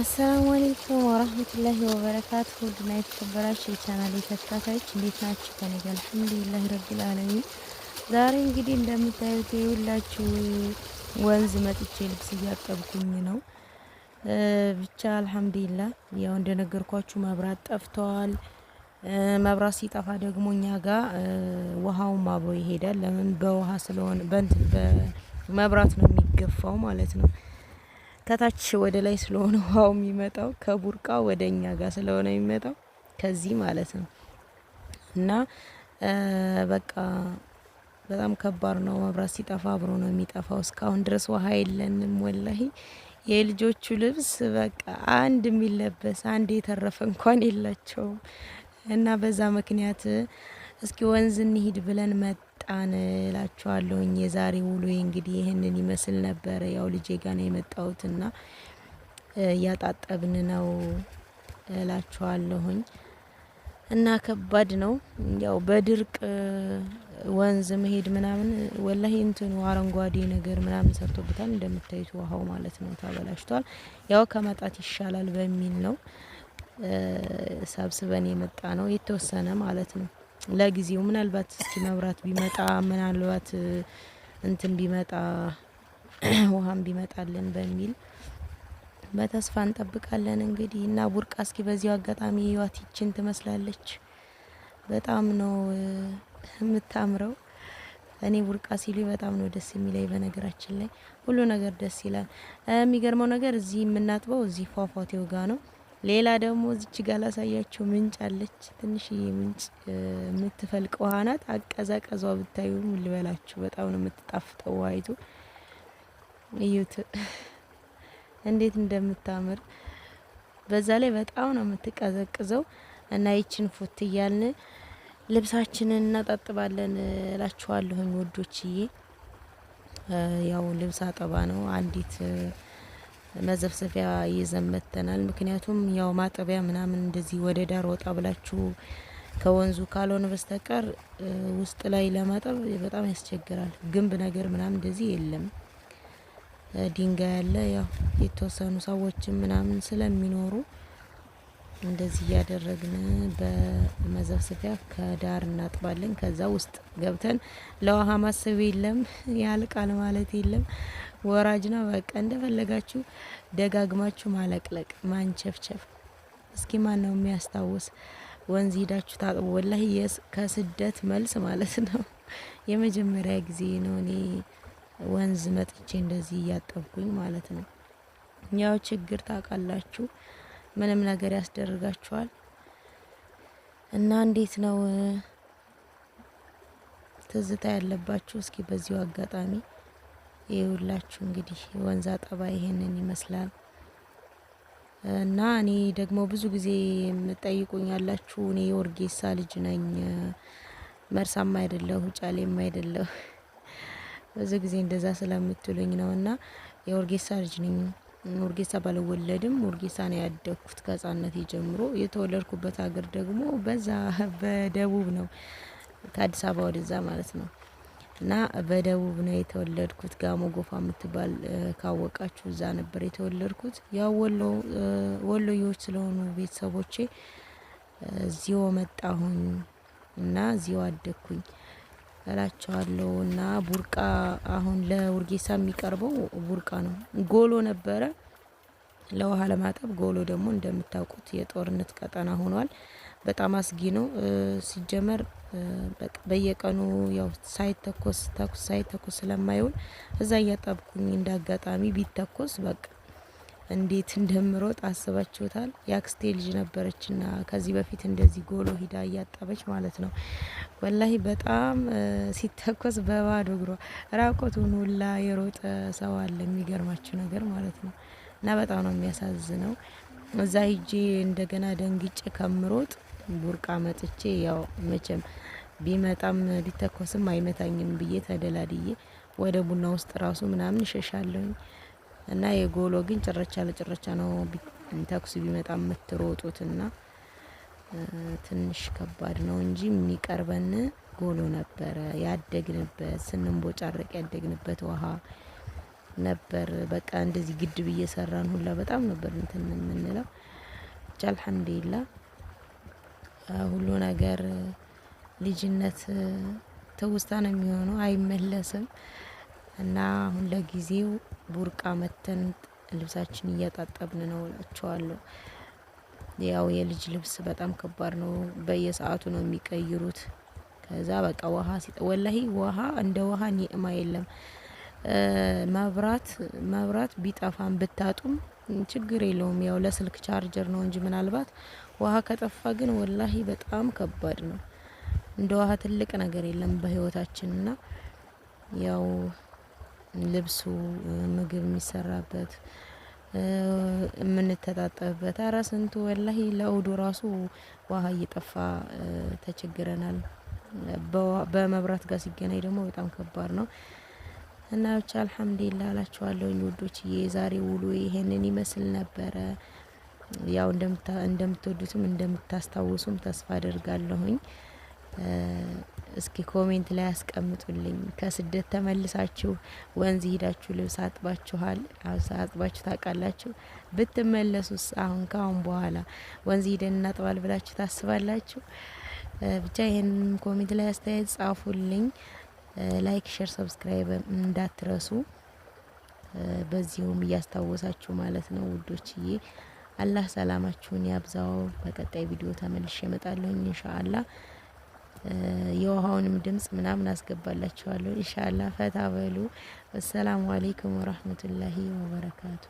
አሰላሙ አሌይኩም ወራህመቱላሂ ወበረካቱ። ውድና የተከበራችሁ የቻናሌ ተከታታዮች እንዴት ናችሁ? ከኔ ጋር አልሐምዱሊላህ ረቢል አለሚን። ዛሬ እንግዲህ እንደምታዩት የሁላችሁ ወንዝ መጥቼ ልብስ እያጠብኩኝ ነው። ብቻ አልሐምዱሊላህ ያው እንደነገርኳችሁ መብራት ጠፍተዋል። መብራት ሲጠፋ ደግሞ እኛ ጋር ውሃውም አብሮ ይሄዳል። ለምን በውሃ ስለሆነ በንት በመብራት ነው የሚገፋው ማለት ነው ከታች ወደ ላይ ስለሆነ ውሃው የሚመጣው ከቡርቃ ወደ እኛ ጋር ስለሆነ የሚመጣው ከዚህ ማለት ነው። እና በቃ በጣም ከባድ ነው። መብራት ሲጠፋ አብሮ ነው የሚጠፋው። እስካሁን ድረስ ውሃ የለንም። ወላሂ የልጆቹ ልብስ በቃ አንድ የሚለበስ አንድ የተረፈ እንኳን የላቸውም እና በዛ ምክንያት እስኪ ወንዝ እንሂድ ብለን መጣን እላችኋለሁኝ። የዛሬ ውሎ እንግዲህ ይህንን ይመስል ነበረ። ያው ልጄ ጋ ነው የመጣሁትና እያጣጠብን ነው እላችኋለሁኝ። እና ከባድ ነው ያው በድርቅ ወንዝ መሄድ ምናምን ወላሂ እንትኑ አረንጓዴ ነገር ምናምን ሰርቶበታል እንደምታዩት ውሃው ማለት ነው ተበላሽቷል። ያው ከመጣት ይሻላል በሚል ነው ሰብስበን የመጣ ነው የተወሰነ ማለት ነው። ለጊዜው ምናልባት እስኪ መብራት ቢመጣ ምናልባት እንትን ቢመጣ ውሃም ቢመጣልን በሚል በተስፋ እንጠብቃለን። እንግዲህ እና ቡርቃ እስኪ በዚሁ አጋጣሚ ህይወት ይችን ትመስላለች። በጣም ነው የምታምረው። እኔ ቡርቃ ሲሉ በጣም ነው ደስ የሚለኝ። በነገራችን ላይ ሁሉ ነገር ደስ ይላል። የሚገርመው ነገር እዚህ የምናጥበው እዚህ ፏፏቴው ጋ ነው። ሌላ ደግሞ እዚች ጋር ላሳያችሁ ምንጭ አለች። ትንሽዬ ምንጭ የምትፈልቅ ውሃ ናት። አቀዛቀዟ ብታዩ ልበላችሁ፣ በጣም ነው የምትጣፍጠው። ውሃይቱ እዩት እንዴት እንደምታምር። በዛ ላይ በጣም ነው የምትቀዘቅዘው እና ይችን ፉት እያልን ልብሳችንን እናጣጥባለን እላችኋለሁኝ ወዶችዬ። ያው ልብስ አጠባ ነው አንዲት መዘፍዘፊያ ይዘን መጥተናል። ምክንያቱም ያው ማጠቢያ ምናምን እንደዚህ ወደ ዳር ወጣ ብላችሁ ከወንዙ ካልሆነ በስተቀር ውስጥ ላይ ለማጠብ በጣም ያስቸግራል። ግንብ ነገር ምናምን እንደዚህ የለም። ድንጋይ ያለ ያው የተወሰኑ ሰዎችም ምናምን ስለሚኖሩ እንደዚህ እያደረግን በመዘፍሰፊያ ከዳር እናጥባለን። ከዛ ውስጥ ገብተን ለውሃ ማሰብ የለም ያልቃል ማለት የለም። ወራጅ ነው። በቃ እንደፈለጋችሁ ደጋግማችሁ ማለቅለቅ፣ ማንቸፍቸፍ። እስኪ ማን ነው የሚያስታውስ ወንዝ ሂዳችሁ ታጥቦ? ወላሂ ከስደት መልስ ማለት ነው የመጀመሪያ ጊዜ ነው እኔ ወንዝ መጥቼ እንደዚህ እያጠብኩኝ ማለት ነው። ያው ችግር ታውቃላችሁ፣ ምንም ነገር ያስደርጋችኋል። እና እንዴት ነው ትዝታ ያለባችሁ? እስኪ በዚሁ አጋጣሚ ይኸውላችሁ እንግዲህ ወንዝ አጠባ ይሄንን ይመስላል እና እኔ ደግሞ ብዙ ጊዜ የምጠይቁኝ ያላችሁ እኔ የወርጌሳ ልጅ ነኝ፣ መርሳም አይደለሁ፣ ጫሌም አይደለሁ። ብዙ ጊዜ እንደዛ ስለምትሉኝ ነው እና የወርጌሳ ልጅ ነኝ። ወርጌሳ ባልወለድም ወርጌሳ ነው ያደግኩት ከህጻንነቴ ጀምሮ። የተወለድኩበት ሀገር ደግሞ በዛ በደቡብ ነው፣ ከአዲስ አበባ ወደዛ ማለት ነው። እና በደቡብ ነው የተወለድኩት። ጋሞ ጎፋ የምትባል ካወቃችሁ እዛ ነበር የተወለድኩት። ያው ወሎዮች ስለሆኑ ቤተሰቦቼ እዚሁ መጣሁኝ እና እዚሁ አደግኩኝ እላቸዋለሁ። እና ቡርቃ አሁን ለውርጌሳ የሚቀርበው ቡርቃ ነው። ጎሎ ነበረ ለውሃ ለማጠብ። ጎሎ ደግሞ እንደምታውቁት የጦርነት ቀጠና ሆኗል። በጣም አስጊ ነው። ሲጀመር በየቀኑ ያው ሳይተኮስ ተኩስ ሳይተኮስ ስለማይውል እዛ እያጠብኩኝ እንደ አጋጣሚ ቢተኮስ በቃ እንዴት እንደምሮጥ አስባችሁታል። የአክስቴ ልጅ ነበረችና ከዚህ በፊት እንደዚህ ጎሎ ሂዳ እያጠበች ማለት ነው። ወላሂ በጣም ሲተኮስ በባዶ እግሯ ራቆቱን ሁላ የሮጠ ሰው አለ። የሚገርማችሁ ነገር ማለት ነው። እና በጣም ነው የሚያሳዝነው። እዛ ሂጄ እንደገና ደንግጬ ከምሮጥ ቡርቃ መጥቼ ያው መቼም ቢመጣም ቢተኮስም አይመታኝም ብዬ ተደላድዬ ወደ ቡና ውስጥ ራሱ ምናምን እሸሻለሁኝ እና የጎሎ ግን ጭረቻ ለጭረቻ ነው ተኩስ ቢመጣ የምትሮጡትና ትንሽ ከባድ ነው እንጂ የሚቀርበን ጎሎ ነበረ። ያደግንበት ስንንቦጫረቅ ያደግንበት ውሃ ነበር። በቃ እንደዚህ ግድብ እየሰራን ሁላ በጣም ነበር እንትን የምንለው ብቻ አልሐምዱሊላህ። ሁሉ ነገር ልጅነት ትውስታ ነው የሚሆነው፣ አይመለስም እና አሁን ለጊዜው ቡርቃ መተን ልብሳችን እያጣጠብን ነው እላችኋለሁ። ያው የልጅ ልብስ በጣም ከባድ ነው። በየሰዓቱ ነው የሚቀይሩት። ከዛ በቃ ውሃ ወላሂ ውሃ እንደ ውሃ ኒዕማ የለም። መብራት መብራት ቢጠፋም ብታጡም ችግር የለውም። ያው ለስልክ ቻርጀር ነው እንጂ ምናልባት ውሃ ከጠፋ ግን ወላሂ በጣም ከባድ ነው። እንደ ውሃ ትልቅ ነገር የለም በህይወታችን እና ያው ልብሱ፣ ምግብ የሚሰራበት የምንተጣጠብበት፣ አረ ስንቱ ወላሂ ለውዱ ራሱ ውሃ እየጠፋ ተቸግረናል። በመብራት ጋር ሲገናኝ ደግሞ በጣም ከባድ ነው። እና ብቻ አልሐምዱሊላ አላችኋለሁ ውዶችዬ፣ የዛሬ ውሎ ይሄንን ይመስል ነበረ። ያው እንደምትወዱትም እንደምታስታውሱም ተስፋ አደርጋለሁኝ። እስኪ ኮሜንት ላይ ያስቀምጡልኝ። ከስደት ተመልሳችሁ ወንዝ ሂዳችሁ ልብስ አጥባችኋል? አጥባችሁ ታውቃላችሁ? ብትመለሱስ አሁን ከአሁን በኋላ ወንዝ ሂደን እናጥባል ብላችሁ ታስባላችሁ? ብቻ ይህንን ኮሜንት ላይ አስተያየት ጻፉልኝ። ላይክ፣ ሼር፣ ሰብስክራይብ እንዳትረሱ። በዚሁም እያስታወሳችሁ ማለት ነው ውዶችዬ። አላህ ሰላማችሁን ያብዛው። በቀጣይ ቪዲዮ ተመልሼ እመጣለሁ ኢንሻአላ። የውሃውንም ድምጽ ምናምን አስገባላችኋለሁ ኢንሻአላ። ፈታ በሉ። ወሰላሙ አለይኩም ወራህመቱላሂ ወበረካቱ